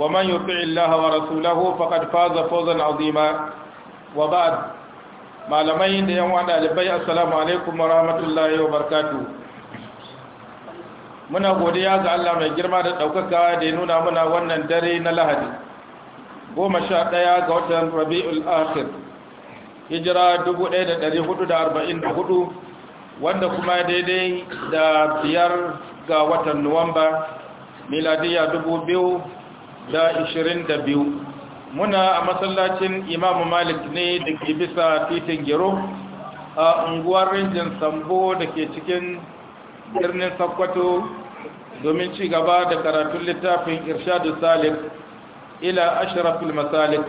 ومن يطع الله ورسوله فقد فاز فوزا عظيما وبعد malamai da yan wada alibai assalamu alaikum wa rahmatullahi wa barkatu muna godiya ga Allah mai girma da ɗaukaka da ya nuna muna wannan dare na lahadi goma sha ɗaya ga watan rabi'ul akhir hijira 1444 wanda kuma daidai da biyar ga watan nuwamba miladiya biyu. da biyu, muna a masallacin Imam malik ne da ke bisa titin gero a unguwar rinjin sambo da ke cikin birnin Sakkwato domin ci gaba da karatun littafin irshadu salik ila ashirafil masalik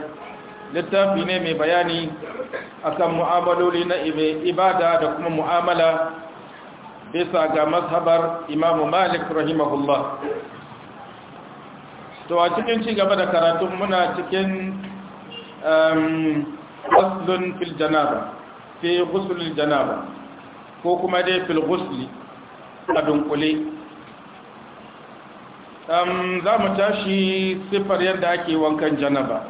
littafi ne mai bayani akan mu'amaloli na ibada da kuma mu'amala bisa ga mazhabar imamu malik rahimahullah to a cikin ci gaba da karatun muna cikin aslun um, fil janaba fi janaba ko kuma dai fil ghusli a dunkule um, za mu tashi siffar yadda ake wankan janaba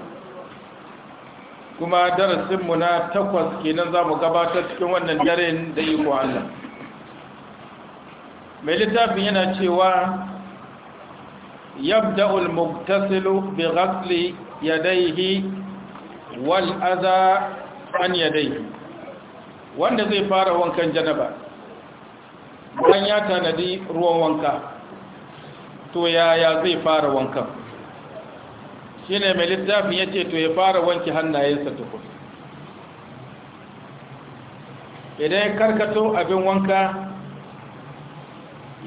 kuma darasinmu na takwas kenan za mu gabatar cikin wannan dare da iko Allah mai littafin yana cewa يبدأ المغتسل بغسل يديه والأذى عن يديه وأن زي فار وانكا جنبا وأن يتندي روى وانكا to yaya zai fara wankan shi mai littafin ya ce to ya fara wanke hannayensa tukun idan ya karkato abin wanka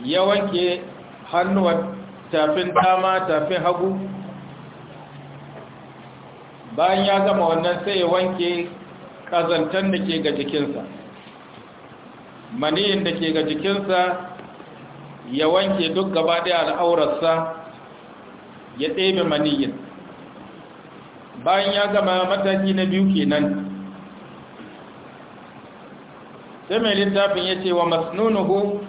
ya wanke hannuwan tafin dama tafin hagu bayan ya gama wannan sai ya wanke kazantan da ke ga jikinsa maniyin da ke ga jikinsa ya wanke duk gaba ɗaya al'aurarsa ya ɗebe maniyin bayan ya gama mataki na biyu kenan sai mai littafin ya ce wa masnunuhu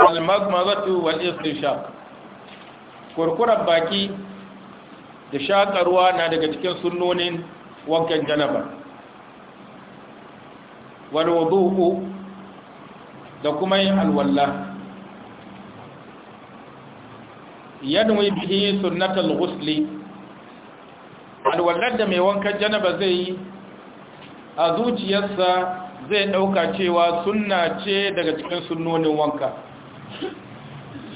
al magmaratu wal-istishaq Kurkuren baki da shakarwa na daga cikin sunonin wankan janaba walwudu da kuma yin alwalla yanwi bihi sunnatul ghusli alwallar da mai wankan janaba zai yi a zuciyarsa zai ɗauka cewa sunna ce daga cikin sunonin wanka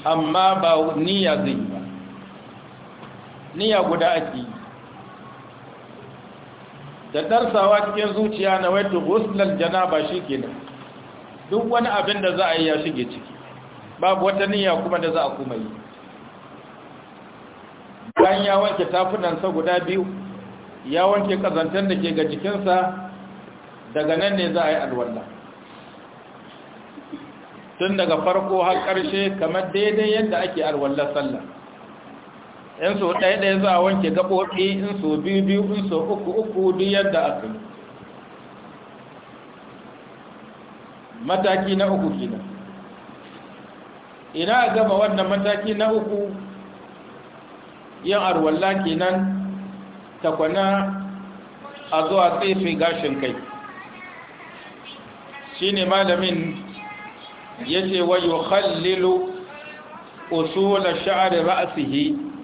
amma ba niyya zai yi niyya guda ake yi da darsawa cikin zuciya na wadda jana janaba shi ke nan duk wani abin da za a yi ya shige ciki babu wata niyya kuma da za a kuma yi bayan ya wanke tafunansa guda biyu ya wanke kazantar da ke ga jikinsa daga nan ne za a yi alwala tun daga farko har ƙarshe kamar daidai yadda ake alwallar sallah in so ɗaya ɗaya za a wanke gaɓoɓi in so biyu biyu in so uku uku duk yadda aka yi mataki na uku kina ina a gama wannan mataki na uku yin arwalla kenan takwana a zuwa tsefe gashin kai shi ne malamin ya ce wa yi hallilu sha'ar ra'asihi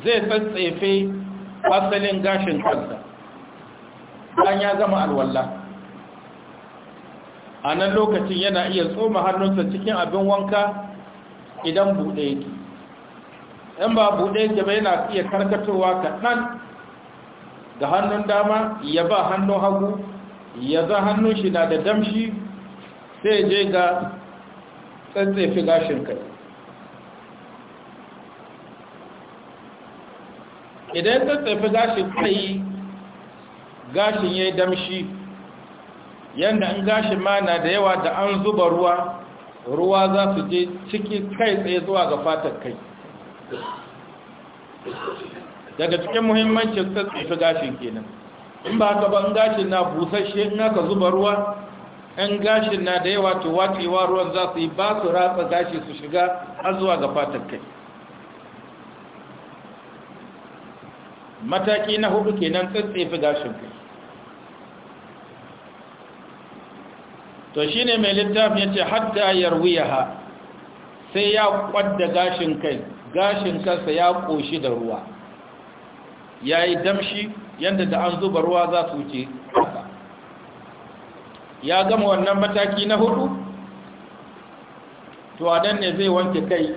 zai tsatsefe asalin gashin kansa an ya gama alwallah a nan lokacin yana iya tsoma hannunsa cikin abin wanka idan buɗe yake in ba buɗe yake ba yana iya karkatowa kaɗan da hannun dama ya ba hannun hagu ya za hannun shi na da damshi sai je ga tsantsefi gashin kai idan ka tsafi gashin tsayi gashin ya yi damshi yadda an gashin ma na da yawa da an zuba ruwa ruwa za su je ciki kai tsaye zuwa ga fatar kai daga cikin muhimmancin tsatsefi gashin kenan in ba haka ba in gashin na busasshe in aka zuba ruwa Ɗan gashin na da yawa to wacewa ruwan za su yi ba su ratsa gashi su shiga har zuwa ga fatar kai mataki na hudu kenan tsatsefi gashin kai to shine mai littafin yace hatta yarwiyaha sai ya kwadda gashin kai gashin kansa ya ƙoshi da ruwa yayi damshi yadda da an zuba ruwa za su wuce ya gama wannan mataki na hudu to adan ne zai wanke kai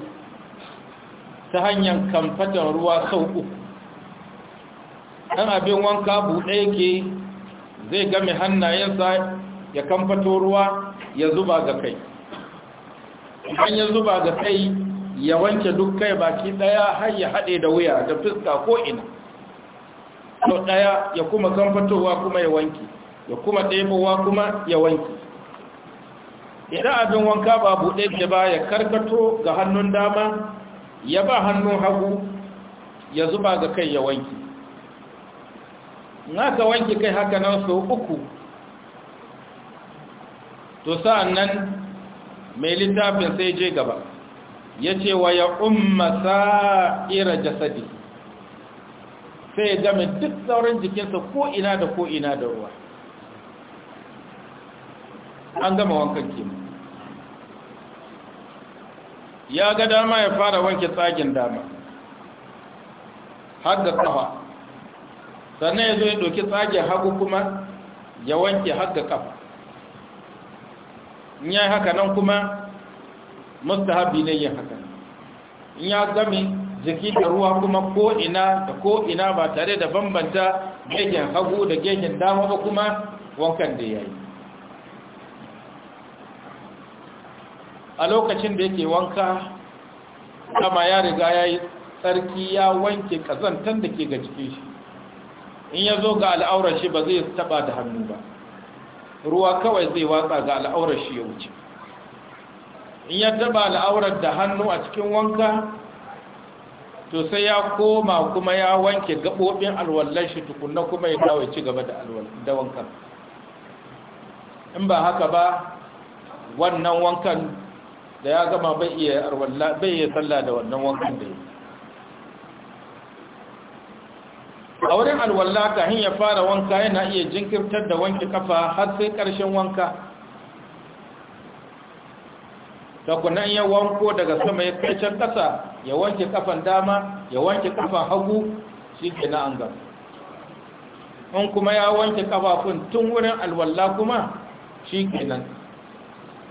ta hanyar kamfatar ruwa sau uku ɗan abin wanka buɗe yake zai game hannayensa ya kamfato ruwa ya zuba ga kai idan ya zuba ga kai ya wanke duk kai baki ɗaya har ya haɗe da wuya da fuska ko ina sau ɗaya ya kuma kamfatowa kuma ya wanke ya kuma ɗebowa kuma ya wanke idan abin wanka ba buɗe ke ba ya karkato ga hannun dama ya ba hannun hagu ya zuba ga kai ya wanke na ka wanke kai haka nan sau uku to sa'an nan mai littafin sai je gaba ya ce wa ya umma sa'ira jasadi sai ya game duk sauran jikinsa ko'ina da ko'ina da ruwa an gama wankan kima ya ga dama ya fara wanke tsagin dama har da tsawa sannan ya zo ya ɗauki tsage hagu kuma ya wanke haka kaf in ya haka nan kuma habi ne yin haka in ya gami jiki da ruwa kuma ko'ina da ko'ina ba tare da bambanta gegen hagu da gegen dama ba kuma wankan da ya yi a lokacin da yake wanka kama ya riga ya yi tsarki ya wanke kazantan da ke ga cikin shi in ya zo ga al'aurar shi ba zai taba da hannu ba ruwa kawai zai watsa ga al'aurar shi ya wuce in ya taba al'aurar da hannu a cikin wanka to sai ya koma kuma ya wanke gaɓoɓin alwallar shi tukunna kuma ya dawo ci gaba da wankan in ba haka ba wannan wankan da ya gama bai iya sallah da wannan wankan da ya a wurin alwalla kahin ya fara wanka yana iya jinkirtar da wanke kafa har sai ƙarshen wanka kuna ya wanko daga sama ya kai can ƙasa ya wanke kafan dama ya wanke kafan hagu shi ke na anga. in kuma ya wanke kafafun tun wurin alwalla kuma shi ke nan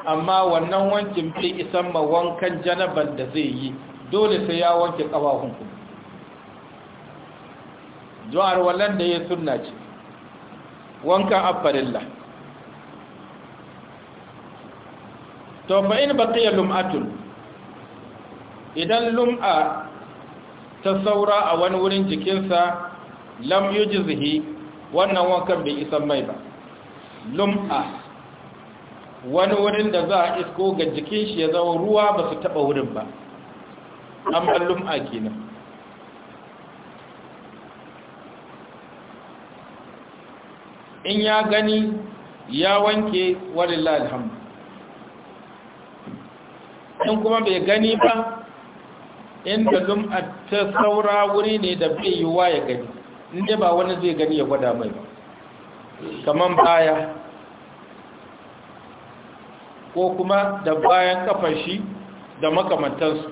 amma wannan wankin bai isan ma wankan janaban da zai yi dole sai ya wanke kafafun kuma don arwallan da ya suna ce wankan farilla. to fa in lum'atun idan lum'a ta saura a wani wurin jikinsa lam jizihi, wannan wankan bai isan mai ba lum'a wani wurin da za a isko ga jikin shi ya zama ruwa ba su taɓa wurin ba an lum'a kenan in ya gani ya wanke walillah alhamdu in kuma bai gani ba inda a ta saura wuri ne da bai yiwuwa ya gani inda ba wani zai gani ya gwada mai kamar baya ko kuma da bayan kafar shi da makamantarsu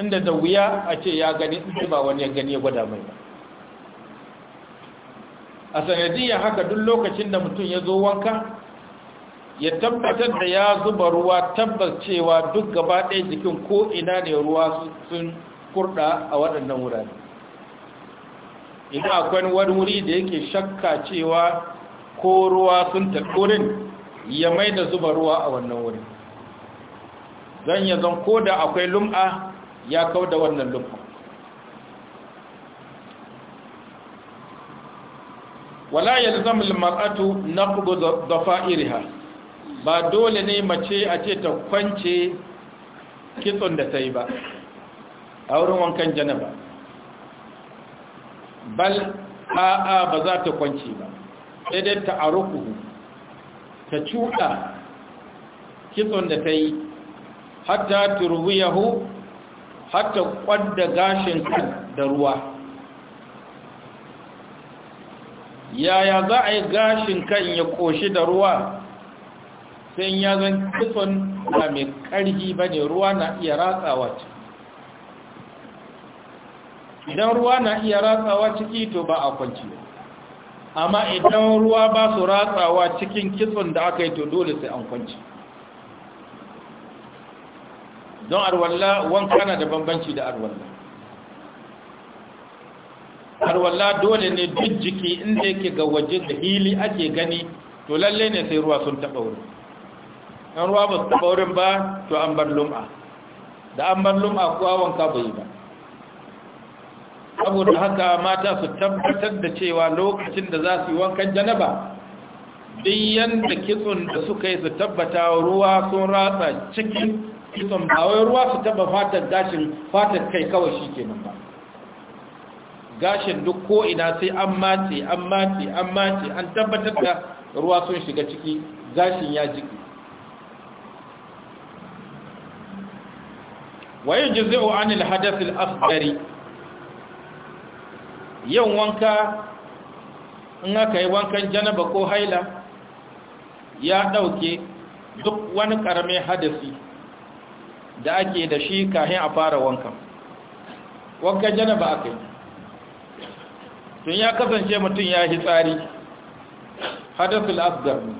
inda da wuya a ce ya gani inda ba wani ya gani ya gwada mai ba a sanadiyya haka duk lokacin da mutum ya zo wanka ya tabbatar da ya zuba ruwa tabbas cewa duk gaba ɗaya jikin ko ina ne ruwa sun kurɗa a waɗannan wurare idan akwai wani wuri da yake shakka cewa ko ruwa sun taɗurin ya mai da zuba ruwa a wannan wuri Zan ya zan ko da akwai lum'a ya kau da wannan lum'a wala yalzamu almar'atu naqdu dafa'iriha ba dole ne mace a ce ta kwance kitson da ta ba a wurin wankan janaba bal a ba za ta kwance ba sai dai ta arukuhu ta cuɗa kitson da ta yi hatta yahu hatta kwadda gashin kan da ruwa yaya za a yi gashin kan ya koshi da ruwa sai ya zan kitson ba mai ƙarfi ba ne ruwa na iya ratsawa ciki idan ruwa na iya ratsawa ciki to ba a kwanci amma idan ruwa ba su ratsawa cikin kitson da aka yi to dole sai an kwanci don arwalla wanka na da bambanci da arwalla harwalla dole ne duk jiki inda yake ga waje da hili ake gani to lalle ne sai ruwa sun taɓa wurin ɗan ruwa ba su taɓa wurin ba to an bar lum'a da an bar lum'a kuwa wanka yi ba saboda haka mata su tabbatar da cewa lokacin da za su yi wankan janaba duk yanda kitsun da suka yi su tabbata ruwa sun ratsa cikin kitson ba wai ruwa su taɓa fatar gashin fatar kai kawai shi kenan ba gashin duk ko ina sai an mace an mace an mace an tabbatar da ruwa sun shiga ciki gashin ya jiki waye jizi'u anil al asghari yin wanka in aka yi wankan janaba ko haila ya dauke duk wani karame hadasi da ake da shi kafin a fara wankan wankan janaba akai tun ya kasance mutum ya yi tsari hadasul asgar ne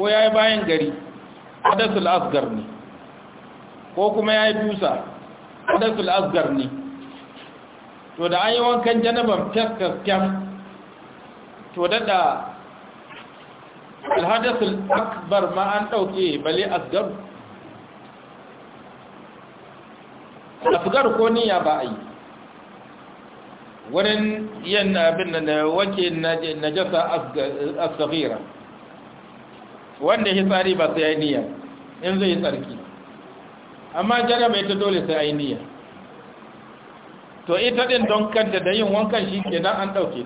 ko ya yi bayan gari hadasul asgar ne ko kuma ya yi dusa hadasul asgar ne to da an yi wankan janaban fyaskaskyan to dada alhadasul akbar ma an ɗauke bale asgar asgar ko niya ba a yi wurin yin abin da jasa najasa asghira wanda tsari ba sai niyya in zai tsarki amma mai ta dole sai niyya to ita din don kanta da yin wankan shi kenan an dauke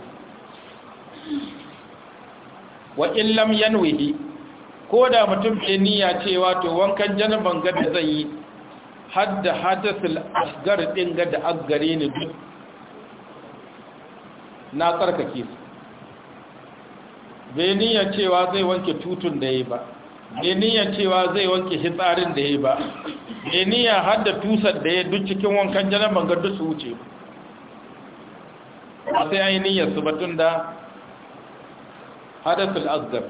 wa illam lam yanwihi ko da mutum ke niyya cewa to wankan jana bangar da zai yi hadda hadasul asgar din ga da asgare ne duk na tsarkake su bai niyan cewa zai wanke tutun da ya ba bai niyan cewa zai wanke hitsarin da ya ba bai niyan hadda tusar da ya duk cikin wankan janar bangar duk su wuce ba sai an yi niyyar su batun da hadasul asgar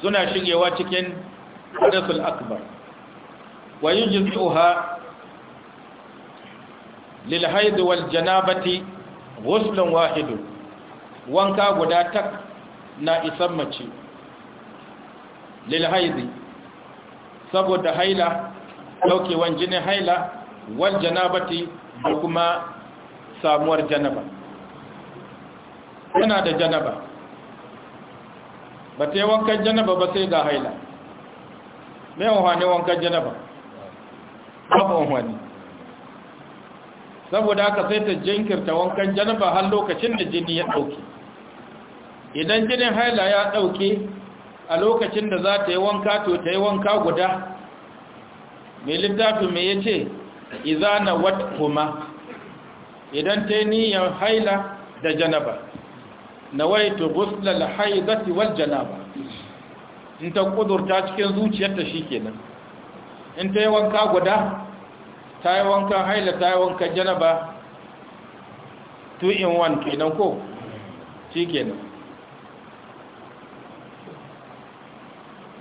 suna shigewa cikin hadasul akbar wa yi ha? lil haidu wal janabati ghuslun wahidu wanka guda tak na isan mace lilhaizi saboda haila daukewan jini haila wal janabati da kuma samuwar janaba yana da janaba ba ta yi wankan janaba ba sai ga haila mai wani wankan janaba ba wani saboda aka sai ta jinkirta wankan janaba har lokacin da jini ya dauke. idan jinin haila ya dauke a lokacin da za ta yi wanka to ta yi wanka guda mai littafi mai ya ce izana wat kuma idan ta yi niyan haila da janaba na wai waito guslal haizati wal janaba in ta kudurta cikin zuciyarta shi kenan in ta yi wanka guda ta yi wankan haila ta yi wankan janaba 2 in 1 kenan ko shi kenan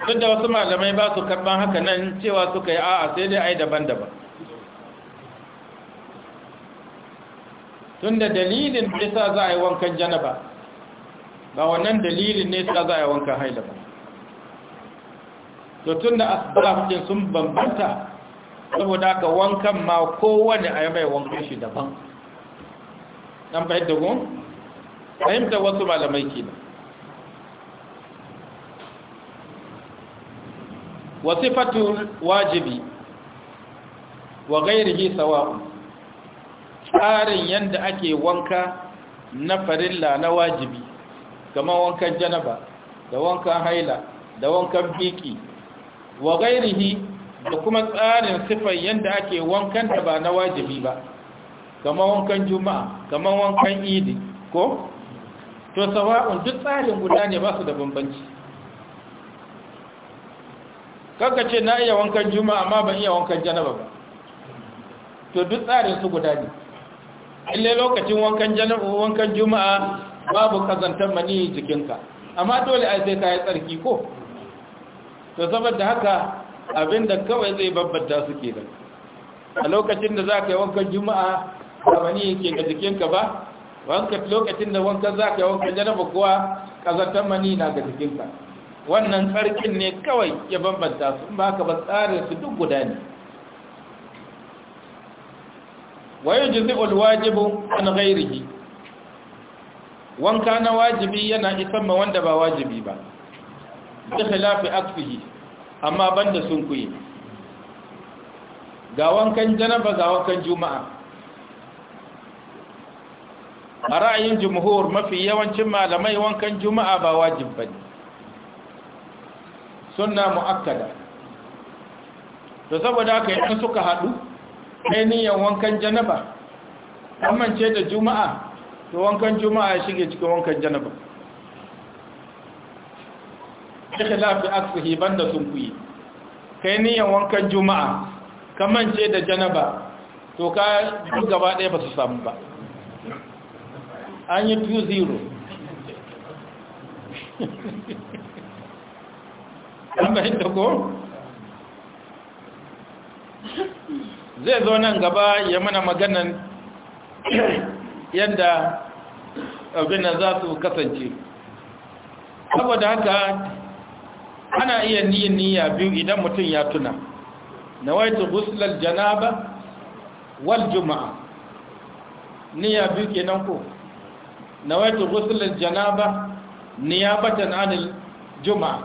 tunda wasu malamai ba su karban haka nan cewa suka yi a'a sai dai ai daban-daban Tunda dalilin da sa za a yi wankan janaba ba wannan dalilin ne sa za a yi wankan haila ba to tunda da sun bambanta saboda haka wankan ma kowane a mai wankan shi daban nan fahimta gun fahimta wasu malamai ke. Wasu wasifatu wajibi wa gairihi sawa tsarin yadda ake wanka na farilla na wajibi kamar wankan janaba da wankan haila da wankan biki wa gairihi da kuma tsarin sifai yadda ake wankan da ba na wajibi ba kamar wankan juma'a kamar wankan idi ko to sawa'un duk tsarin guda ne ba su da bambanci kanka ce na iya wankan juma'a amma ban iya wankan janaba ba to duk tsarin su guda ne illai lokacin wankan janaba wankan juma'a babu kazantar mani jikinka amma dole a sai ka yi tsarki ko to saboda haka abinda kawai zai babbata su da a lokacin da za ka yi wankan juma'a kamani yake ga jikinka ba wanka lokacin da wankan za ka yi wankan janaba kuwa kazantar mani na ga jikinka wannan tsarkin ne kawai ya bambanta su ba ka ba tsarin su duk guda ne wayo jizi ulwajibu an ghairihi wanka na wajibi yana isan ma wanda ba wajibi ba bi khilafi aksihi amma banda sun kuyi ga wankan janaba ga wankan juma'a a ra'ayin jumhur mafi yawancin malamai wankan juma'a ba wajib bane sunna mu'akkada to saboda haka idan suka haɗu niyan wankan janaba amince da juma'a to wankan juma'a ya shige cikin wankan janaba al-ikhlaf bi asfihi banda sunkuyi kai niyan wankan juma'a kaman ce da janaba to ka duk gaba ɗaya ba su samu ba an yi 2-0 an bahinta ko? zai zo nan gaba ya mana maganan yadda abin za su kasance saboda haka ana iya niyyar niyya biyu idan mutum ya tuna waitu ghuslal janaba wal juma'a niyya biyu kenan ko waitu ghuslal janaba niyabatan anil juma'a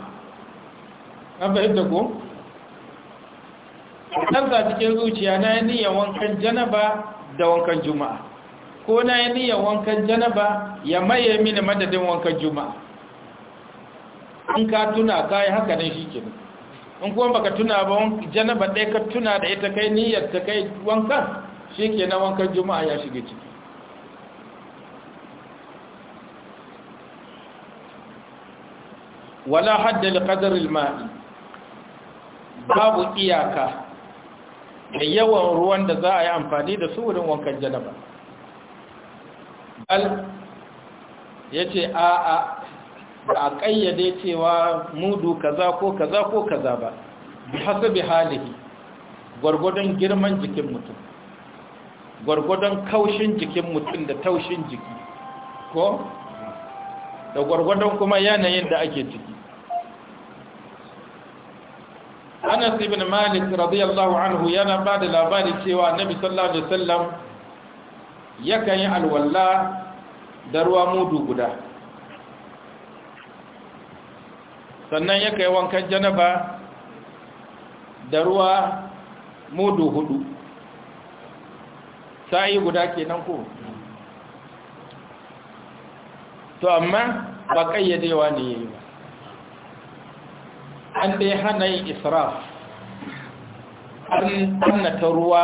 an fahimta ko tarza cikin zuciya na yi niyyar wankan janaba da wankan juma'a ko na yi niyyar wankan janaba ya maye mini madadin wankan juma'a in ka tuna ka yi haka nan shi ke in kuma baka tuna ba janaba ɗaya ka tuna da ita kai niyyar ta kai wanka shi ke na wankan juma'a ya shiga ciki wala haddal qadarin ma'i babu iyaka da yawan ruwan da za a yi amfani da su wurin wankan janaba al ya ce a'a ba a ƙayyade cewa mudu kaza ko kaza ko kaza ba bi hasabi halihi gwargwadon girman jikin mutum gwargwadon kaushin jikin mutum da taushin jiki ko da gwargwadon kuma yanayin da ake ciki Anas ibn Malik radiyallahu anhu yana ba da labari cewa na sallallahu alaihi wasallam yakan yi alwala da ruwa mudu guda sannan ya kai wankan janaba da ruwa mudu hudu sa'i guda kenan ko to amma ba kayyadewa ne yayi ba an dai hana yin israf an ta ruwa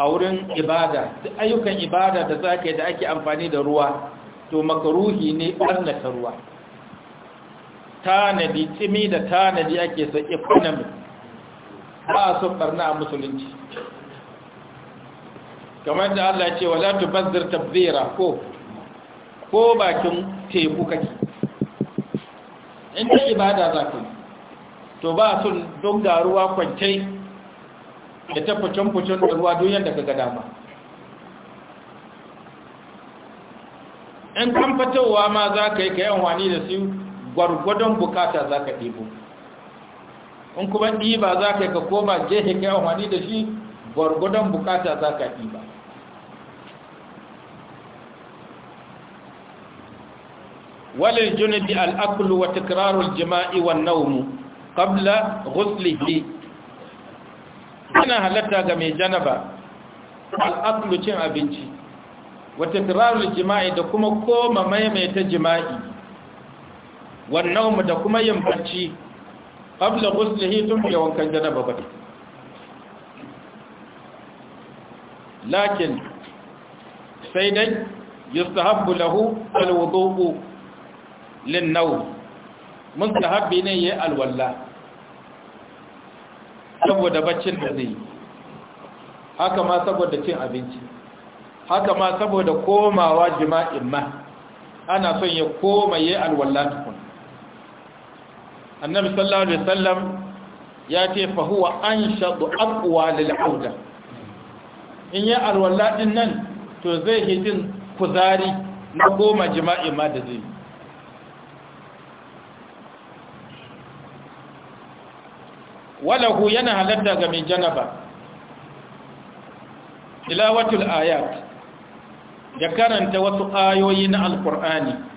a wurin ibada duk ayyukan ibada da za da ake amfani da ruwa to makaruhi ne ɓarnata ruwa tanadi tsimi da tanadi ake so economy ba a son barna a musulunci kamar da Allah ce wala tubazzir tabzira ko ko bakin teku kake inda ibada za ku to ba sun don ga ruwa kwance da ta fucin-fucin da ruwa duniyar da kaga dama in kan fitowa ma za ka yi ka yi wani da su gwargwadon bukata za ka ɗibo in kuma ɗiba za ka yi ka koma gehe ka yi amfani da shi gwargwadon bukata za ka ɗiba walil junubi al'akulu wa tikrarul jima'i wa naumu qabla ghuslihi Ina halatta ga mai janaba al'akulu cin abinci wa tikrarul jima'i da kuma koma maimaita jima'i wannan mu da kuma yin barci qabla ghuslihi tun bi wankan janaba ba lakin sai dai yustahabbu lahu alwudu lin-nawm mustahabbi ne yayi alwalla saboda baccin da zai haka ma saboda cin abinci haka ma saboda komawa jima'in ma ana son ya koma yayi alwalla annabi sallallahu alaihi wasallam ya ce fa huwa anshadu aqwa lil auda in ya alwala din nan to zai hijin kuzari na goma jima'i ma da zai walahu yana halatta ga mai janaba tilawatul ayat ya karanta wasu ayoyi na Alƙur'ani.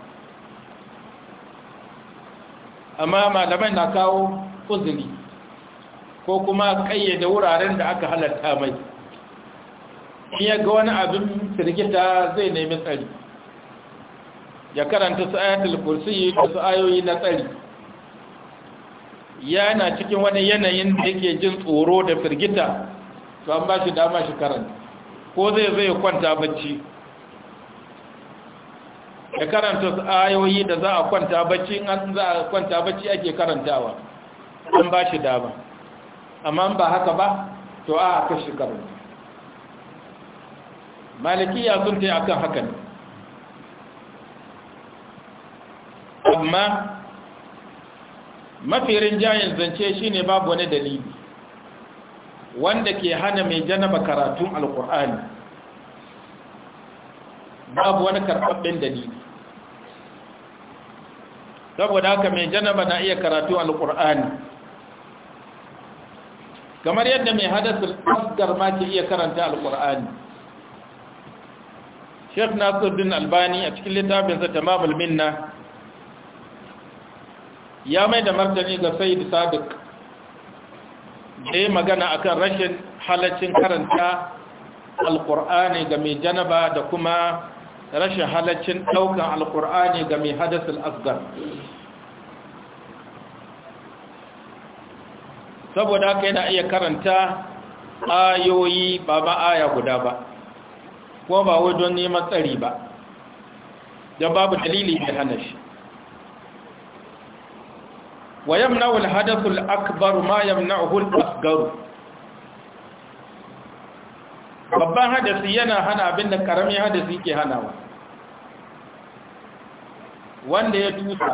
amma malamai na kawo uzuri ko kuma kayyade wuraren da aka halatta mai in ya ga wani abin firgita zai nemi tsari ya karanta su ayatul kursi da su ayoyi na tsari Ya na cikin wani yanayin da yake jin tsoro da firgita to an ba shi dama shi karanta ko zai zai kwanta bacci da karanta ayoyi da za a kwanta bacci in za a kwanta bacci ake karantawa an ba shi dama amma ba haka ba to a ka shi karanta malikiya sun ta yi akan haka ne amma mafi rinjayen zance shine babu wani dalili wanda ke hana mai janaba karatun alkur'ani babu wani karɓaɓɓen dalili saboda haka mai janaba na iya karatu alƙur'ani kamar yadda mai hadasul asgar ma ke iya karanta alƙur'ani shef nasiruddin albani a cikin littafinsa tamamul minna ya mai da martani ga da sadiq da ya magana akan rashin halaccin karanta alƙur'ani ga mai janaba da kuma rashin halaccin ɗaukan alkur'ani ga mai hadasul asgar saboda haka yana iya karanta ayoyi ba ba aya guda ba ko ba wajen don neman tsari ba da babu dalili da hana shi wa yamna'u al-hadathu al-akbar ma yamna'uhu al-asghar babban hadasi yana hana abinda da karamin hadasi ke hanawa wanda ya tusa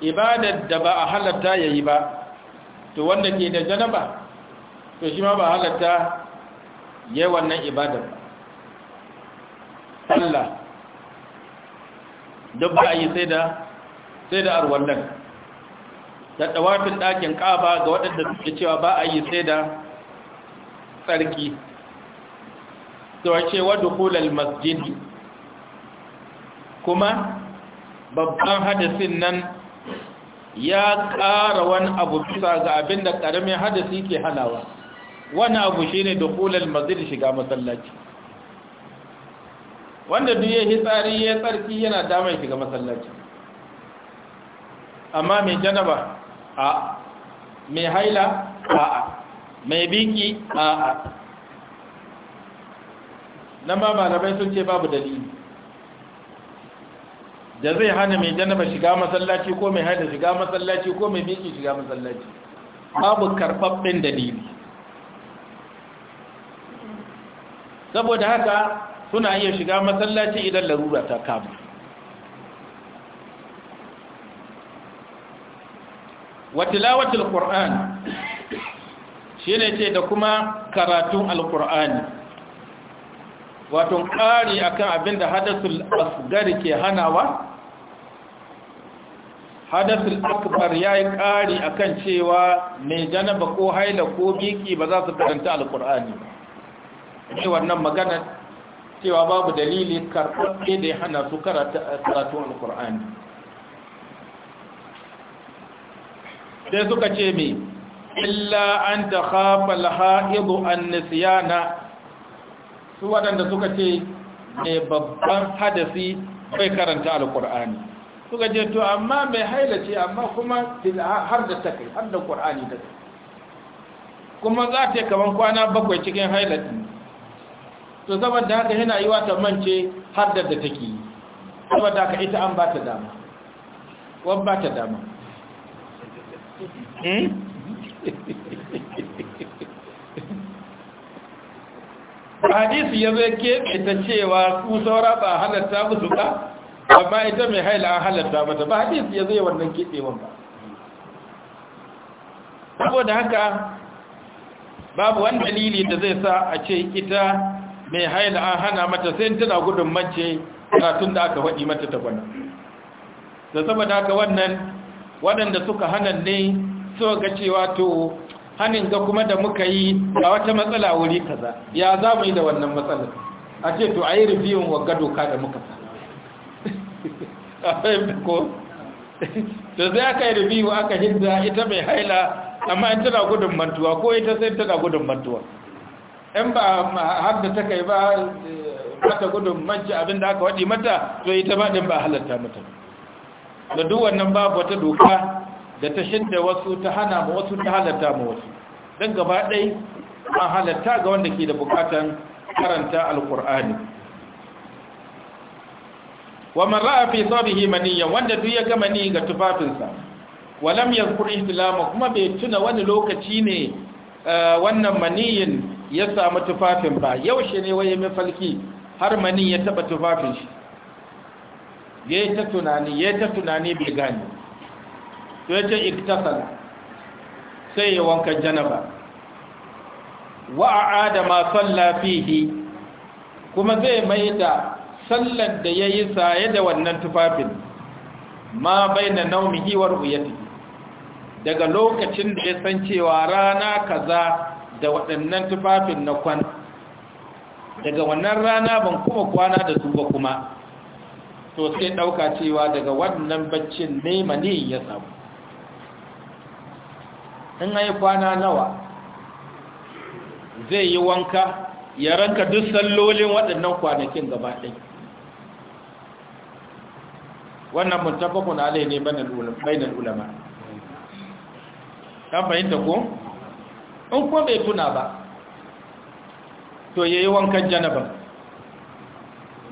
ibadar da ba a halatta ya yi ba to wanda ke da janaba to shi ma ba halatta ya yi wannan ibadar ba sallah duk ba a yi sai da sai da arwallan da ɗawafin ɗakin ƙaba ga waɗanda suke cewa ba a yi sai da tsarki to a ce wadda kulal masjidi kuma babban hadisin nan ya ƙara wani abu bisa ga abin da ƙaramin hadisi ke hanawa wani abu shi ne dukulal mazir shiga masallaci wanda duk ya yi tsari ya tsarki yana damar shiga masallaci amma mai janaba a mai haila a a mai biki a a nan ba malamai sun ce babu dalili da zai hana mai janaba shiga masallaci ko mai haida shiga masallaci ko mai miki shiga masallaci babu karfaffen dalili saboda haka suna iya shiga masallaci idan larura ta kama watilawatul shi ne ce da kuma karatun alqur'ani wato ƙari akan da hadathul asgari ke hanawa hadasul akbar ya yi ƙari a kan cewa mai janaba ko haila ko biki ba za su karanta alƙur'ani ne wannan magana cewa babu dalili karɓaɓɓe da ya hana su karatu alƙur'ani sai suka ce mai illa an ta hafa an nisiyana su waɗanda suka ce mai babban hadasi bai karanta alƙur'ani suka je to amma mai haila ce amma kuma har da ta kai har da ƙur'ani ta kuma za ta kaman kwana bakwai cikin haila to saboda haka yana yi wata mance har da take yi saboda haka ita an ba ta dama wan ba ta dama hmm? hadisi ya zai ke ita cewa ku saura ba halatta musu ba amma ita mai haila an halatta mata ba hadisi ya zai wannan kitsewan ba saboda haka babu wani dalili da zai sa a ce ita mai haila an hana mata sai tana gudun mace tun da aka waɗi mata ta gwana da saboda haka wannan waɗanda suka hana ne suka ga cewa to hanin ga kuma da muka yi a wata matsala wuri kaza ya za mu yi da wannan matsala? a ce to a yi rubiyun wa doka da muka sa a fahimta ko da zai aka yi wa aka hidda ita mai haila amma in tana gudun mantuwa ko ita sai tana gudun mantuwa in ba haɗa ta kai ba mata gudun manci abinda aka waɗi mata to ita ba ɗin ba halatta mata da duk wannan ba wata doka da ta shinta wasu ta hana ma wasu ta halatta ma wasu don gaba ɗai an halatta ga wanda ke da bukatan karanta alkur'ani wa man ra'a fi sabihi maniyya wanda duk ya gama ni ga tufafinsa wa lam yazkur ihtilama kuma bai tuna wani lokaci ne eh, wannan maniyin ya samu tufafin ba yaushe ne waye falki har mani ya taba tufafin shi yayi ta tunani yayi ta tunani bai gane to yace iktasal sai ya wanka janaba wa a'ada ma salla fihi kuma zai mai da sallar da ya yi saye da wannan tufafin ma bai na naumi hiwar ru'yati daga lokacin da ya san cewa rana kaza da waɗannan tufafin na kwan daga wannan rana ban kuma kwana da su ba kuma to sai ɗauka cewa daga wannan baccin ne ya samu in ai kwana nawa zai yi wanka ya ranka duk sallolin waɗannan kwanakin gaba ɗaya wannan muttafaqun alai ne bainal ulama kan fahimta ko in ko bai tuna ba to yayi wankan janaba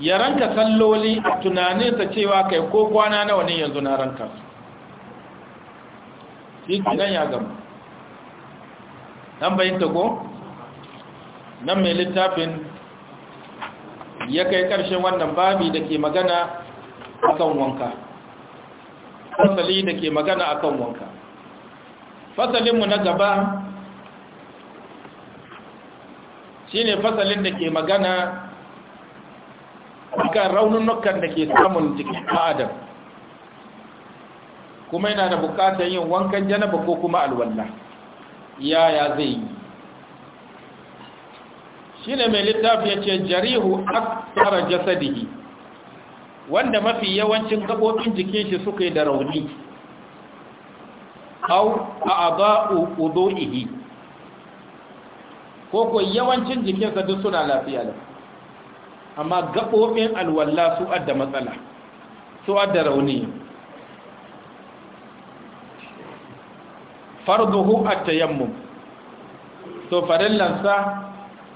ya ranka salloli a ta cewa kai ko kwana nawa ne yanzu na ranka shi nan ya gama nan fahimta ko nan mai littafin ya kai ƙarshen wannan babi da ke magana akan wanka fasali da ke magana akan wanka fasalinmu na gaba shi ne fasalin da ke magana akan raununukan da ke samun jikin adam kuma yana da bukatar yin wankan janaba ko kuma alwalla yaya zai yi shi ne mai littafi ya ce jarihu aksara jasadihi wanda mafi yawancin gaɓoɓin jikin shi suka yi da rauni au a aba'u udu'ihi ko ko yawancin jikinsa duk suna lafiya da amma gaɓoɓin alwalla su adda matsala su adda rauni farduhu at tayammum to farillansa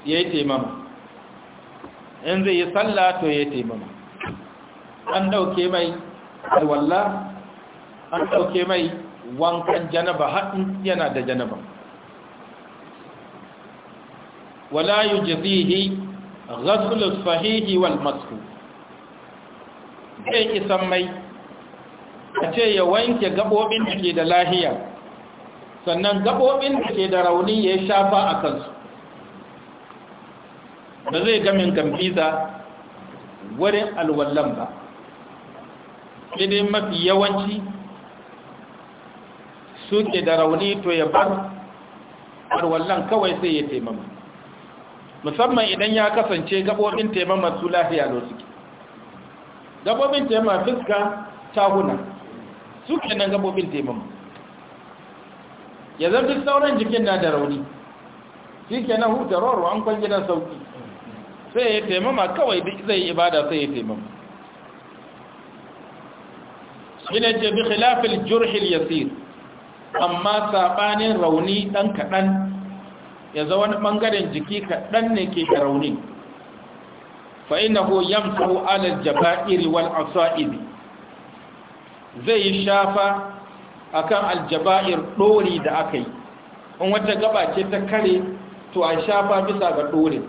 yayi taimama in zai yi sallah to yayi taimama an ɗauke mai alwalla an ɗauke mai wankan janaba haɗin yana da janaba wala yi jizihi rasulus fahihi wal masu zai isan mai a ce ya wanke gaɓoɓin da ke da lahiya sannan gaɓoɓin da ke da rauni ya shafa a kansu ba zai gamin gambiza wurin alwallon ba sai dai mafi yawanci suke da rauni to ya bar wallan kawai sai ya taimama musamman idan ya kasance gabobin taimama su lafiya da suke gabobin taimama fuska tahuna suke nan gabobin taimama ya zafi sauran jikin na da rauni shi ke na hutarorwa an kwan gidan sauki sai ya taimama kawai zai ibada sai ya taimama ina ce bi khilafil jurhil yasir amma sabanin rauni dan kadan ya zama wani bangaren jiki kadan ne ke da rauni fa innahu yamsahu ala al wal asa'ib zai shafa akan al dori da akai in wata gaba ce ta kare to a shafa bisa ga dorin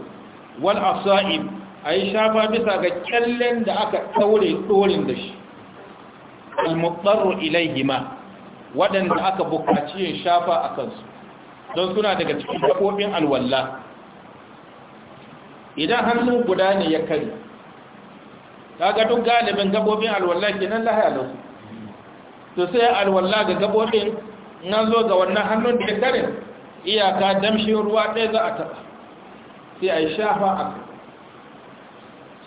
wal asa'ib a yi shafa bisa ga kyallen da aka taure dorin da shi al-muqtarru ilayhima waɗanda aka bukaci ya shafa a kansu don suna daga cikin dabobin alwalla idan hannu guda ne ya kari kaga duk galibin gabobin alwalla kenan lahaya da su to sai alwalla ga gabobin nan zo ga wannan hannun da karin iyaka damshin ruwa ɗaya za a taɓa sai a yi shafa a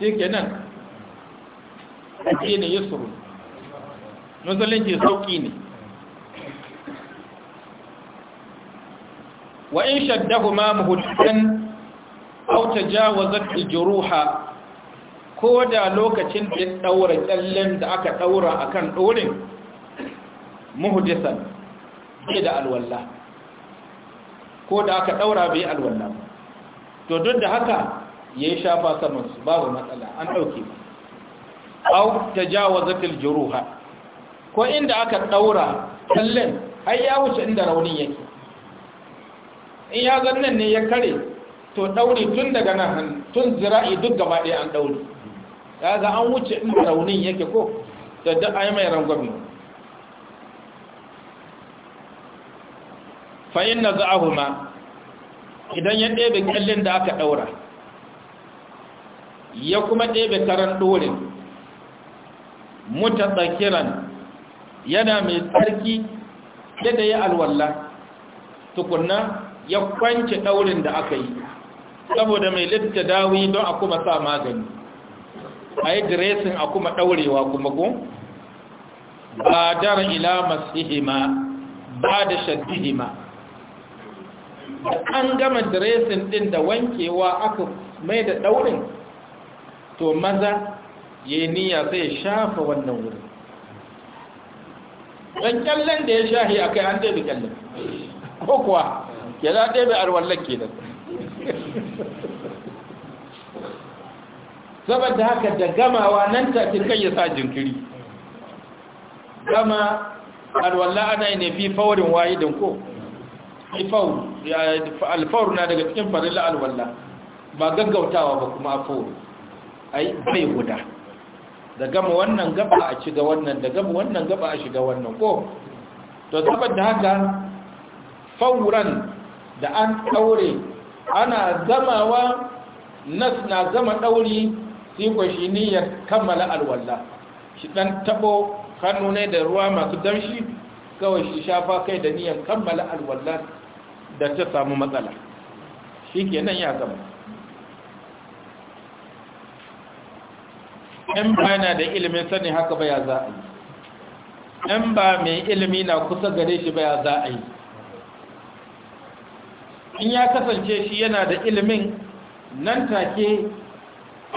shi kenan a ne yusuru ke sauƙi ne wa in shaddahu ma muhuddan aw tajawazat juruha ko da lokacin da daura ƙyallen da aka daura akan dorin muhdisan ke da alwala ko da aka daura bai alwala to duk da haka yayi shafa saman su babu matsala an dauke aw tajawazat aljuruha ko inda aka ɗaura kallon ai ya wuce inda raunin yake in ya zannan ne ya kare to ɗauri tun daga nan tun zira'i duk gaba ɗaya an ɗauri ya ga an wuce inda raunin yake ko da duk ai mai rangwami fa'in na a ma idan ya ɗebe kallon da aka ɗaura ya kuma ɗebe karan ɗorin mutatsakiran yana mai tsarki yadda ya alwalla tukunna ya kwance ɗaurin da aka yi saboda mai litta dawi don a kuma sa magani a yi diresin a kuma daurewa kuma ku. ba dara ila masihima ba da shaddihima an gama diresin ɗin da wankewa aka mai da daurin to maza ya yi niyya zai shafa wannan wurin ɗan kyallen da ya shahi a kai an ɗebe kyallen ko kuwa ya za ɗebe arwallon kenan saboda haka da gamawa nan ta fi kai ya sa jinkiri gama arwalla ana ne fi faurin wahidin ko alfawar na daga cikin farilla alwalla ba gaggautawa ba kuma a fawar ai bai guda da gama wannan gaba a shiga wannan da gama wannan gaba a shiga wannan ko to saboda haka fauran da an daure ana zamawa nas na zama dauri sai ko shi niyyar kammala alwala shi dan tabo hannu ne da ruwa masu damshi kawai shi shafa kai da niyyar kammala alwala da ta samu matsala shikenan ya gama in ba yana da ilimin sani haka ba ya za a yi in ba mai ilimi na kusa gare shi ba ya za a yi in ya kasance shi yana da ilimin nan take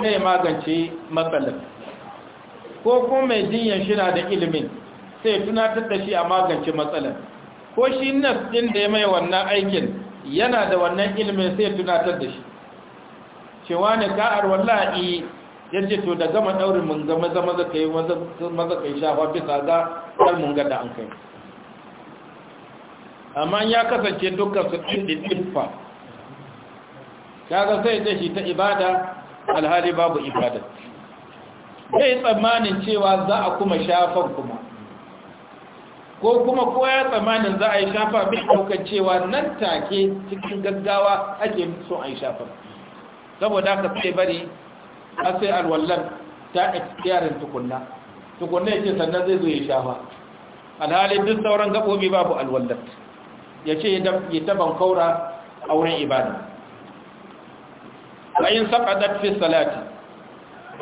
sai magance matsalar ko kuma mai jinyar shi na da ilimin sai tunatar da shi a magance matsalar ko shi nas ɗin da ya mai wannan aikin yana da wannan ilimin sai tunatar da shi cewa ne ka'ar wallahi ya ce to da gama daurin mun ga maza maza ka yi maza ka yi shafa bisa ga har mun ga da an kai amma ya kasance dukkan su ɗin fa kaga sai da shi ta ibada alhali babu ibada zai tsammanin cewa za a kuma shafan kuma ko kuma kowa ya tsammanin za a yi shafa bin daukar cewa nan take cikin gaggawa ake so a yi shafa saboda haka sai bari A sai alwallan ta expirin tukunna tukunna ce sannan zai zo ya shafa alhalin duk sauran gaɓoɓi babu alwallan ya ce ya taban kaura a wurin ibada bayan saƙaɗar fi salati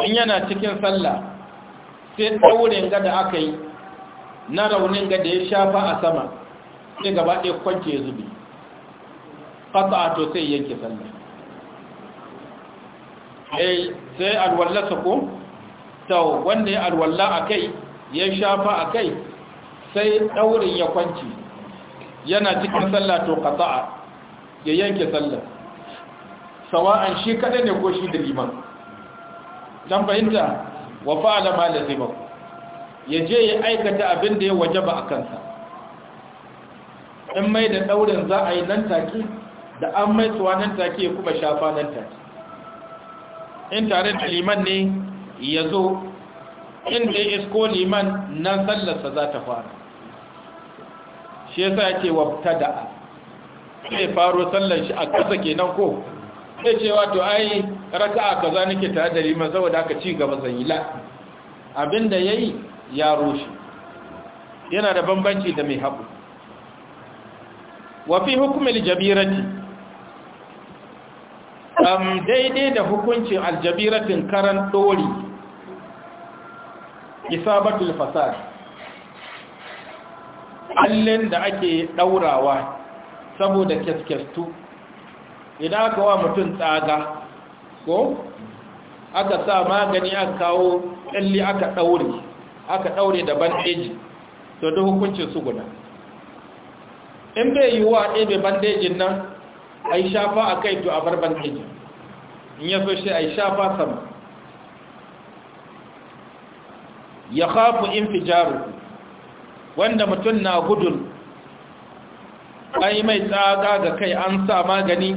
in yana cikin sallah sai ɗaurin gada aka yi na raunin gada ya shafa a sama sai gaba ɗaya kwanke zubi ƙasa a to sai yanke sallah eh sai ta ko to wanda ya alwalla akai ya shafa akai sai daurin ya kwanci yana cikin sallah to qata'a ya yanke sallah sawa'an shi kaɗai ne ko shi da liman dan fahimta wa fa'ala ma lazima ya je ya aikata abin da ya wajaba a kansa in mai da ɗaurin za a yi nan take da an mai tsuwa nan take kuma shafa nan take in tare da liman ne ya zo inda ya isko liman na sallarsa za ta fara shi yasa yake wabtada sai faro sallar shi a kasa kenan ko Ya ce wato ai a kaza nake tare da liman saboda aka ci gaba zai yi la abinda yayi ya roshi yana da bambanci da mai haɓu. wa fi jabirati daidai da hukuncin aljabiratin karan dori isabatul fasad allin da ake ɗaurawa saboda kyaskyastu idan aka wa mutum tsaga ko aka sa magani aka kawo tsalli aka daure aka daure da bandeji to da hukuncin su guda in bai yi wa ɗebe bandejin nan a yi shafa a kai to a bar bankeji in ya so shi a yi shafa sama ya khafu infijaru wanda mutum na gudun yi mai tsaga ga kai an sa magani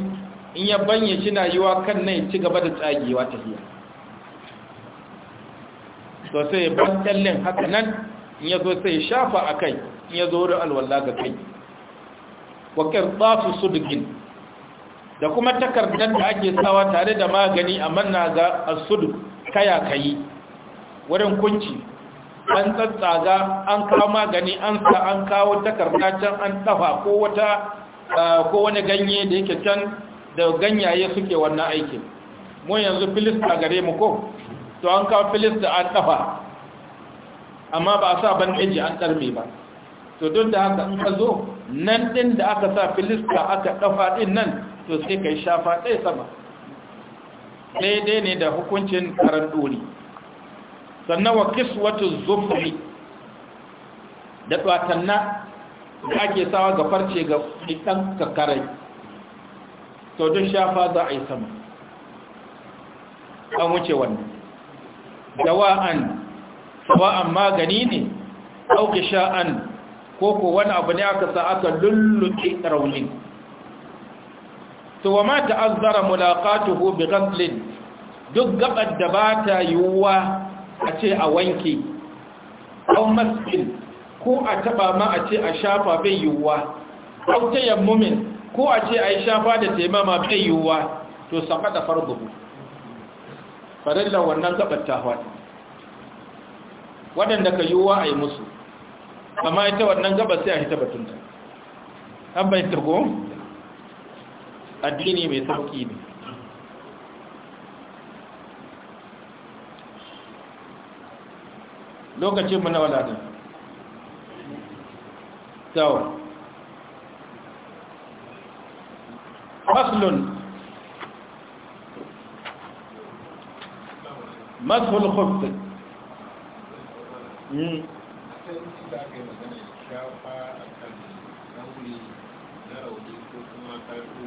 in ya banye shi na yiwa kan nai ci gaba da tsagewa ta hiya to sai ban kyallin haka nan in ya zo sai shafa a kai in ya zo da alwala ga kai wa tsafi su dugin da kuma takardar da ake sawa tare da magani a manna ga asudu kaya kayi wurin kunci an tsatsaga an kawo magani an sa an kawo takarda can an tafa ko wata ko wani ganye da yake can da ganyaye suke wannan aikin mu yanzu filista gare mu ko to an kawo filista an tafa amma ba a sa ban eji an ɗarme ba to duk da haka in ka zo nan ɗin da aka sa filista aka ɗafa ɗin nan to sai ka yi shafa ɗaya sama dai-dai ne da hukuncin karan ɗori sannan wa kiswatu zufri da ɗwatanna da ake sawa ga farce ga ɗan kakarai to duk shafa za a yi sama an wuce wannan dawa'an dawa'an magani ne ɗauke sha'an ko ko wani abu ne aka sa aka lulluɗe raunin to wa ma ta'azzara mulaqatuhu bi ghaslin duk gabar da ba ta yiwuwa a ce a wanke ko masjid ko a taba ma a ce a shafa bai yiwuwa ta yammumin ko a ce a yi shafa da taimama bai yiwuwa to saka da farduhu farilla wannan gabar ta hawa waɗanda ka yiwuwa ai musu amma ita wannan gabar sai a hita batunta an ta ko addini mai sauki ne lokacin mu na wadatun sau faslun masul khuffi hmm. shafa a kan na rauni ko kuma karfi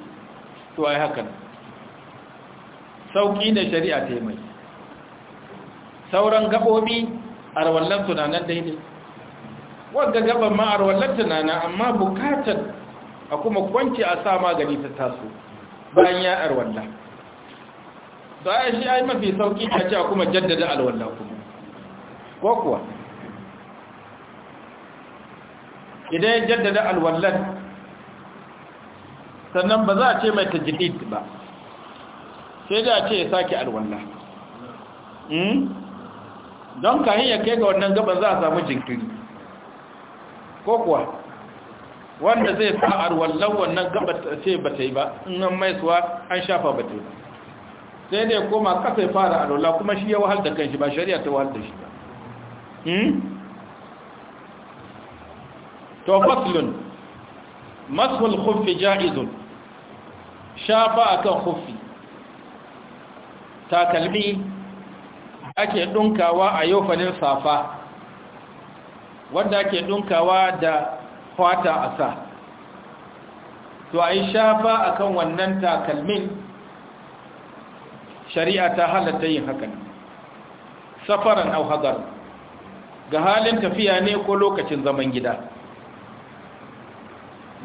to ai hakan sauki ne shari'a ta yi mai sauran gabobi a rawallan tunanan daidai wadda gaban ma a rawallan tunanan amma bukatar a kuma kwanci a sa magani ta taso bayan ya arwallah Ba ya shi ai mafi sauki ta ce a kuma jaddada alwallah kuma ko kuwa idan ya jaddada alwallah sannan ba za a ce mai tajdid ba sai da ce ya sake alwala hmm? don kahin ya kai ga wannan gaban za a samu jinkiri ko kuwa wanda zai sa alwallan wannan gaba ce ba ta yi ba nan mai suwa an shafa ba ta yi sai dai koma kasai fara alwala kuma shi ya wahal da kan shi ba shari'a ta wahal da shi ba hmm? to faslun mashul khuffi ja'izun shafa a kan hufi takalmi ake ɗunkawa a yofanin safa wanda ake ɗunkawa da fata a sa to a yi shafa a kan wannan takalmin shari'a ta halatta yin hakan safaran au hagar ga halin tafiya ne ko lokacin zaman gida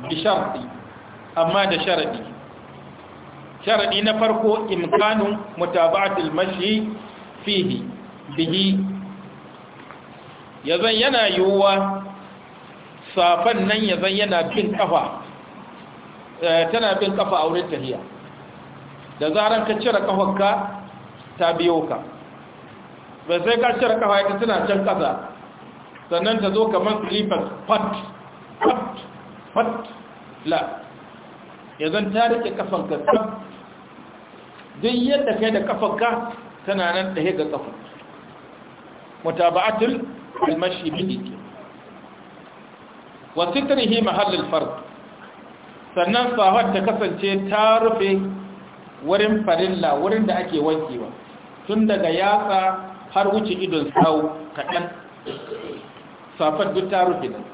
bisharti amma da sharadi sharadi na farko imkanun mutaba'atul mashi fihi bihi yazan yana yiwuwa safan nan yazan yana bin kafa eh, tana bin kafa a wurin tahiya da zaran ka cire kafarka ta biyo ka ba sai ka cire kafa ita tana can kasa sannan ta zo kamar slippers pat pat pat la ya ta rike kafanka tsab duk yadda kai da kafarka tana nan ɗaya ga kafar mutaba'atul almashi bihi wa sitrihi mahallul fard sannan sahar ta kasance ta rufe wurin farilla wurin da ake wankewa tun daga yatsa har wuce idon sau kaɗan safar duk ta rufe nan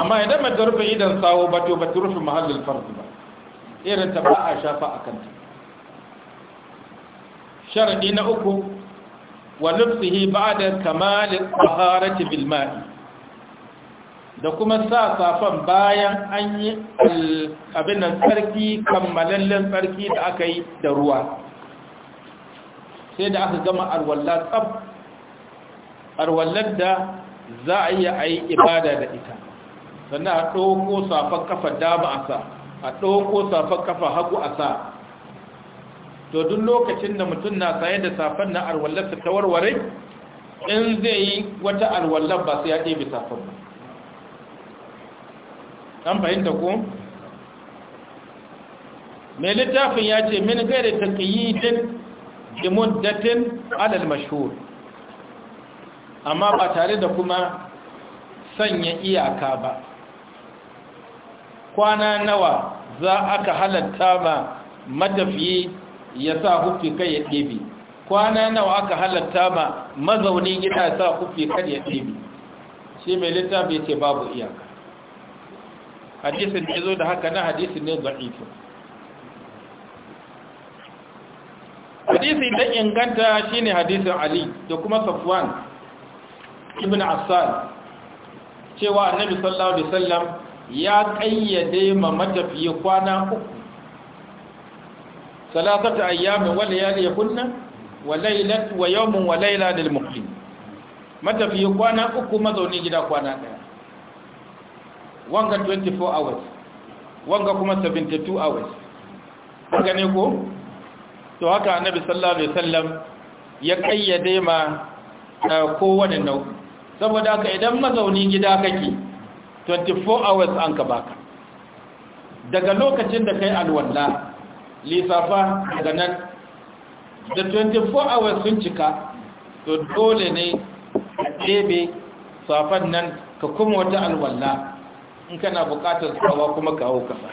amma idan ba ta rufe idon sau ba to ba ta rufe mahallin farko ba irin ta ba a shafa a kanta sharadi na uku wa ba da kamal taharati bil da kuma sa safan bayan an yi abin tsarki kammalallen tsarki da aka yi da ruwa sai da aka gama arwalla tsab arwallar da za a iya a yi ibada da ita sannan a ɗauko safan kafa dama a sa a ɗauko safan kafa hagu a sa to duk lokacin da mutum na saye da safan na alwallarsa ta warware in zai yi wata alwallar ba sai ya ɗebe safan ba an fahimta ko mai littafin ya ce min gaira ta ƙiyidin dimuddatin alal mashhur amma ba tare da kuma sanya iyaka ba kwana nawa za aka halatta ba matafiye ya sa hufi kai ya ɗebe kwana nawa aka halatta ma mazaunin gida sa hufi kai ya ɗebe shi mai littafi ya ce babu iyaka hadisin ya zo da haka na hadisin ne za'ifu hadisi da inganta shi ne hadisin ali da kuma safwan ibn asal cewa annabi sallallahu alaihi wasallam ya kayyade ma matafiye kwana uku salasata ayyamin wa layali kunna wa laylat wa yawmun wa layla Mata muqim matafi kwana uku mazauni gida kwana daya wanga four hours wanga kuma seventy-two hours haka ne ko to haka annabi sallallahu alaihi wasallam ya kayyade ma eh, wani nau'i saboda haka idan mazauni gida kake four hours an ka baka daga lokacin da kai alwala lissafa daga nan da 24 hours sun cika to dole ne a ɗebe safan nan ka kuma wata alwallah in kana buƙatar tsawa kuma ka hau kasa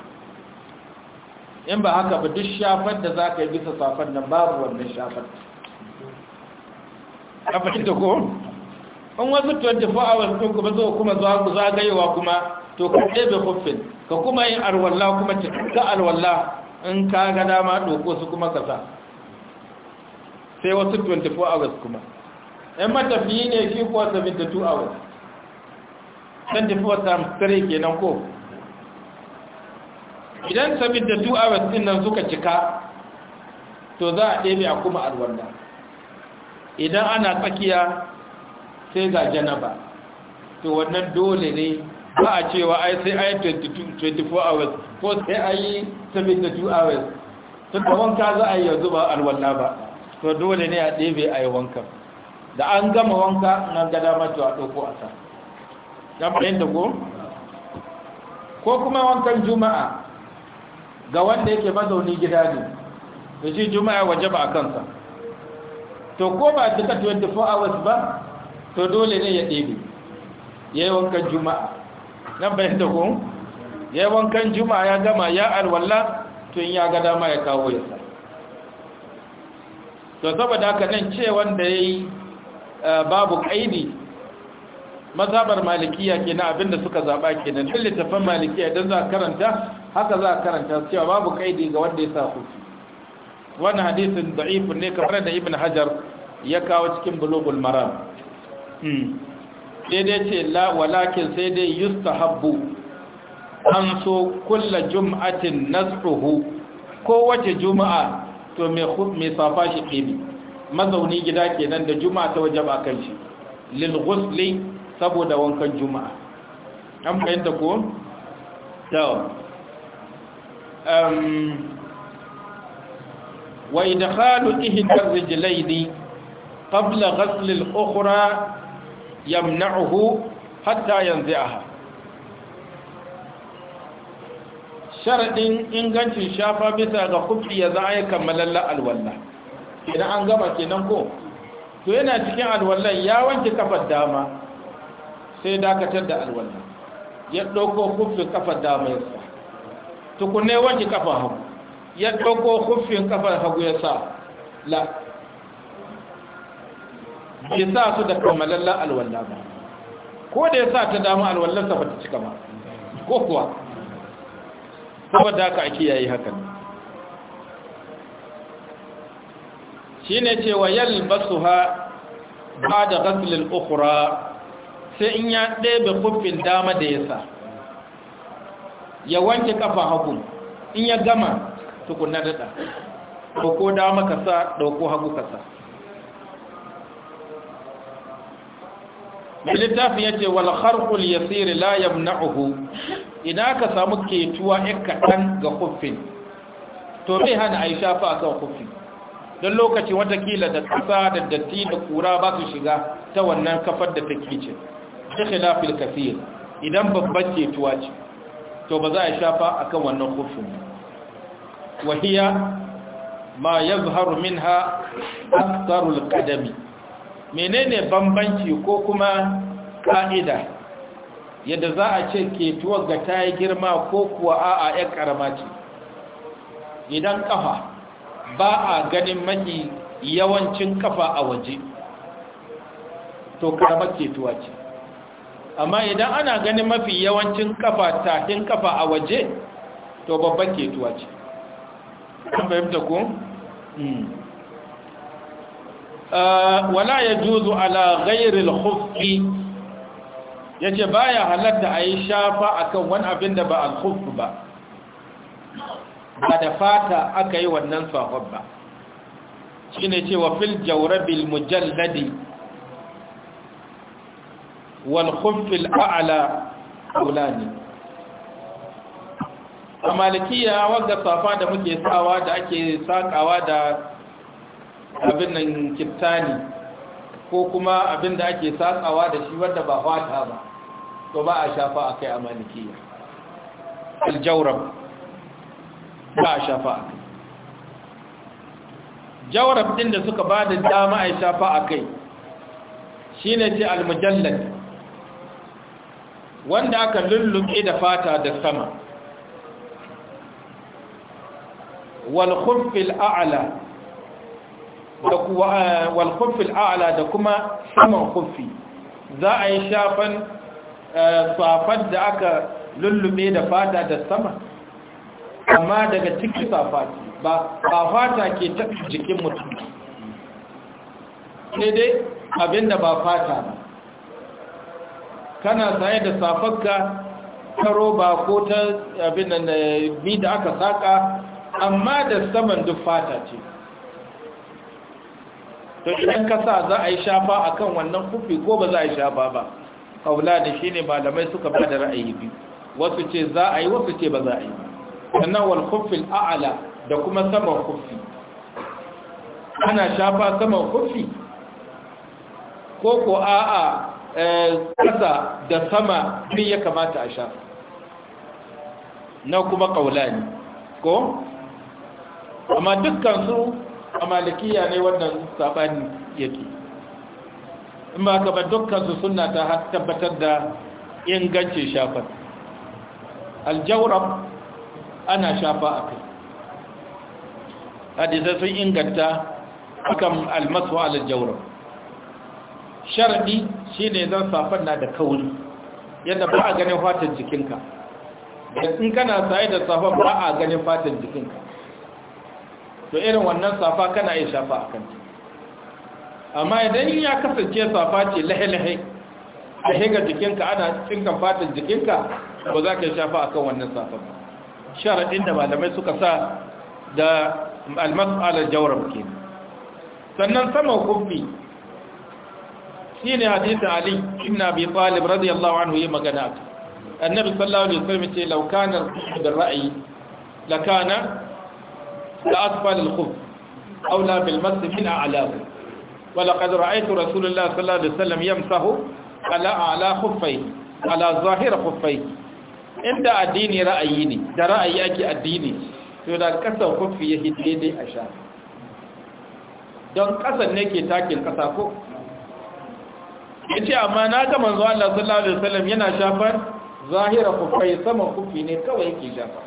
in ba haka ba duk shafar da za ka yi bisa safan nan babu wannan shafar a fahimta ko in wasu 24 hours sun kuma zo kuma zagayewa kuma to ka ɗebe kuffin ka kuma yin alwallah kuma ta alwallah in ka ga dama doko su kuma sa sai wasu 24 hours kuma yan matafiyi ne shi kuwa 72 hours 24 times 3 kenan ko idan 72 hours din nan suka cika to za a ɗebe a kuma alwanda idan ana tsakiya sai ga janaba to wannan dole ne ba a cewa ai sai ai 24 hours ko sai ai 72 hours to da wanka za a yi yanzu ba alwala ba to dole ne a ɗebe a yi wanka da an gama wanka na gada mato a ɗauko a sa ɗan bayan da ko ko kuma wankan juma'a ga wanda yake mazauni gida ne da shi juma'a waje ba a kansa to ko ba duka 24 hours ba to dole ne ya ɗebe ya yi wankan juma'a nan bayan da ku ya wankan juma'a ya gama ya alwala tun ya ga dama ya kawo ya sa to saboda haka nan ce wanda ya eh, babu ƙaidi mazabar malikiya ke na abinda suka zaɓa ke nan ɗin littafin malikiya don za a karanta haka za a karanta cewa babu ƙaidi ga wanda ya sa hutu wannan hadisin da'ifin ne kamar da ibn hajar ya kawo cikin bulogul maram hmm. sai dai ce la walakin sai dai yustahabbu an so kulla jum'atin nasruhu ko wace juma'a to mai safa shi ɗini mazauni gida kenan da juma'a ta wajaba kan shi lil ghusli saboda wankan juma'a an fahimta ko to um wa idkhalu ihda rijlaini qabla ghasl al-ukhra yamna'uhu hatta yanzi'aha sharadin ingancin shafa bisa ga kufi ya za kammala la kammalalla alwalla idan an gama kenan ko to yana cikin alwallan ya wanke kafar dama sai dakatar da alwallan ya ɗauko kufin kafar dama ya sa tukunai wanke kafar hagu ya ɗauko kufin kafar hagu ya sa la bai sa su da kamalalla alwallah ba ko da ya sa ta damu alwallarsa ba ta cika ba ko kuwa saboda ka ake yayi hakan shi ne ce wa yalbasu ha ba da sai in ya ɗebe kufin dama da ya sa ya wanke kafa hagu in ya gama tukunan daɗa ko dama ka sa, ɗauko hagu ka sa. mai littafin ya ce wal harkul yasiri la yamna'uhu ina ka samu ketuwa ya kaɗan ga kuffin to bai hana a yi shafa a kan kuffin don lokaci watakila da ƙasa da datti da ƙura ba su shiga ta wannan kafar da ta ce. ta khilafil kafir idan babban ketuwa ce to ba za a shafa a kan wannan kuffin wahiya ma yazharu ha aktarul qadami menene bambanci ko kuma ka'ida yadda za a ce ketuwar ga ta yi girma ko kuwa a'a ya karama ce idan kafa ba a ganin mafi yawancin kafa a waje to ke ketuwa ce amma idan ana ganin mafi yawancin kafa tafin kafa a waje to babban ketuwa ce an fahimta ko? Hmm. wala ya juzu ala ghairil khuffi yace baya halatta ayi shafa akan wani abin da ba al-khuff ba ba da fata aka yi wannan sahab ba ne cewa fil jawrabil mujalladi wal khuff al-a'la qawlani a wanda safa da muke sawa da ake sakawa da abin nan kiftani ko kuma abin da ake satsawa da shi wadda ba fata ba to ba a shafa a kai a malikiya aljauram ba a shafa a kai jawarab din da suka ba da dama a shafa a kai shi ne ce almujallad wanda aka lullube da fata da sama walhufil a'ala wal khuffil a'la da kuma saman khuffi za a yi shafan eh, safar da aka lullube da fata da sama amma daga ciki safati ba fata ke ta jikin mutum ne dai abinda ba fata ba kana saye da safarka ta roba ko ta abin eh, da aka saka amma da saman duk fata ce to idan ka sa za a yi shafa a kan wannan kufi ko ba za a yi shafa ba kaula da shine malamai suka ba da ra'ayi biyu wasu ce za a yi wasu ce ba za a yi sannan wal kufil a'ala da kuma saman kufi ana shafa saman kufi ko ko a'a kasa eh, da sama duk ya kamata a shafa na kuma kaula ne ko amma dukkan su a malikiya ne wannan sabani yake in ba ka ba dukkan su suna ta tabbatar da ingancin shafar aljawrab ana shafa a kai hadisai sun inganta akan almasu aljawrab sharadi ne zan safar na da kauri yadda ba a ganin fatan jikinka in kana saye da safar ba a ganin fatan jikinka to irin wannan safa kana iya shafa a kanta amma idan ya kasance safa ce lahe-lahe a higa jikinka ana cinkan fatan jikinka ba za ka shafa a kan wannan safa ba sharaɗin da malamai suka sa da almas'alar jawarar ke sannan saman kufi shi ne hadisun ali ibn abi talib radiyallahu anhu yi magana annabi sallallahu alaihi wasallam ce laukanar da ra'ayi lakana da asfal al-khuf aula bil masjid min a'lahu wa laqad ra'aytu rasulullah sallallahu alaihi wasallam yamsahu ala a'la khuffai ala zahir khuffai inda addini ra'ayi ne da ra'ayi ake addini to da kasan khuffi yake daidai a don kasan ne ke yace amma na ga manzo Allah sallallahu alaihi wasallam yana shafar zahira kufai sama kufi ne kawai yake shafa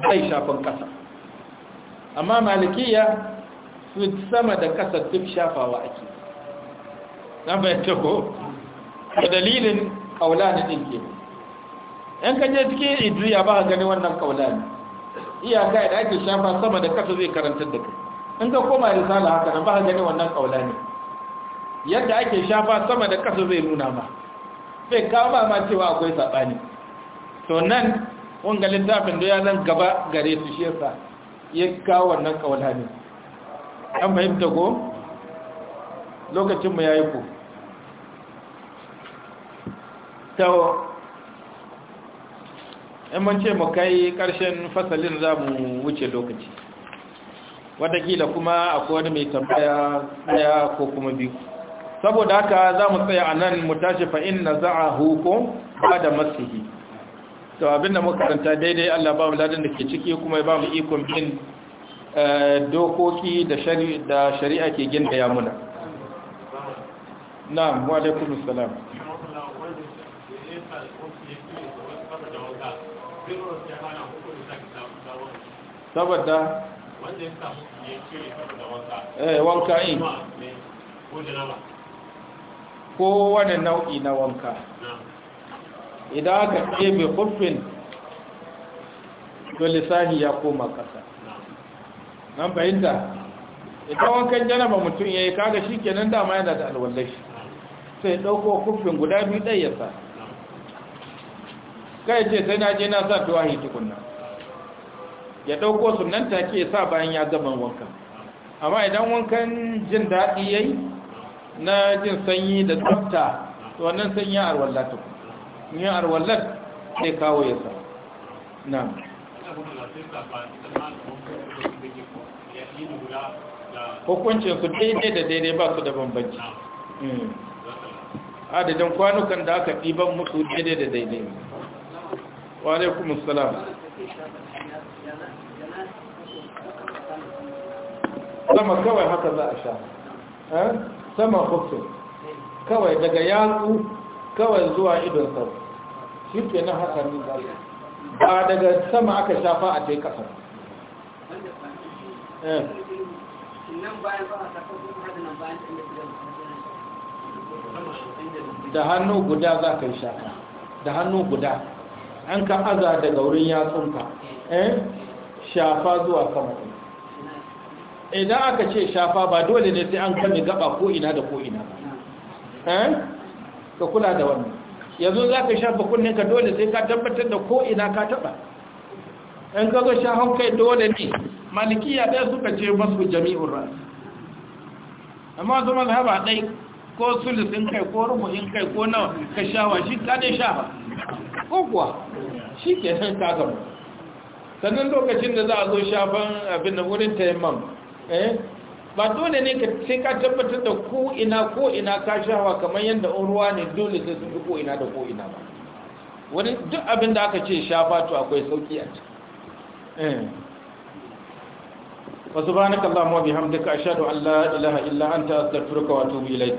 bai shafan kasa amma malikiya su sama da kasa duk shafawa ake na bayyanta ko da dalilin ƙaulani din ke ‘yan kanye cikin idriya ba a gani wannan ƙaulani iyaka da ake shafa sama da kasa zai karantar da kai in ka koma risala haka nan ba a gani wannan ƙaulani yadda ake shafa sama da kasa zai nuna ma bai ba ma cewa akwai saɓani to nan wanga littafin da ya zan gaba gare su shi yasa ya kawo wannan hannu. an fahimta ko lokacinmu ya yi ku ta in ce mu kai ƙarshen fasalin za mu wuce lokaci watakila kuma akwai wani mai tambaya daya ko kuma biyu saboda haka za mu tsaya a nan mu tashi fa'in na za'a hukun ba da masihi to abinda muka karanta daidai Allah ba mu ladan da ke ciki kuma ba mu ikon bin eh, dokoki da shari'a ke ginda ya muna na'am wa alaikum assalam saboda wanda ya samu ya saboda wanka eh wanka in ko da ko wani nau'i na wanka idan aka ɗebe kufin, to lissahi ya koma ƙasa nan fahimta ita wankan janaba mutum ya yi kaga shi kenan dama yana da alwallashi sai ɗauko kufin guda biyu ɗai ya sa kai ce sai na je na sa tuwahi tukunna ya ɗauko su nan take sa bayan ya gama wankan amma idan wankan jin daɗi ya yi na jin sanyi da tsafta to wannan sanyi a kuma. yin arwallar ne kawo ya sa na hukuncin su daidai da daidai ba su da bambanci hmm. adadin kwanukan da aka ɗiban musu daidai da daidai wa alaikum salam sama kawai haka za a sha eh? sama hukun kawai daga yatsu kawai zuwa idon sau shi na hasarin haka ba daga sama aka shafa a tai kasar eh. da hannu guda za ka yi shafa da hannu guda an ka aza daga wurin yatsunka eh. shafa zuwa sama idan aka ce shafa ba dole ne sai an kame gaba ko ina da ko ina eh. ka kula da wannan yanzu za ka shafa kunninka dole sai ka tabbatar da ko ina ka taba Yan ka zo shahon kai dole ne malikiya ɗaya suka ce masu jami'un rasu amma su haɓa ɗai ko in kai ko in kai ko nawa ka shawa shi ka dai shafa ko kuwa shi ke san kagamu sannan lokacin da za a zo shafan abin da wurin taimam eh ba dole ne ka sai ka tabbatar da ko ina ko ina ka shawa kamar yadda ruwa ne dole sai sun fi ko ina da ko ina ba wani duk abin da aka ce shafa to akwai sauki a ciki eh. wa subhanaka allahumma wa bihamdika ashhadu an la ilaha illa anta astaghfiruka wa atubu ilaik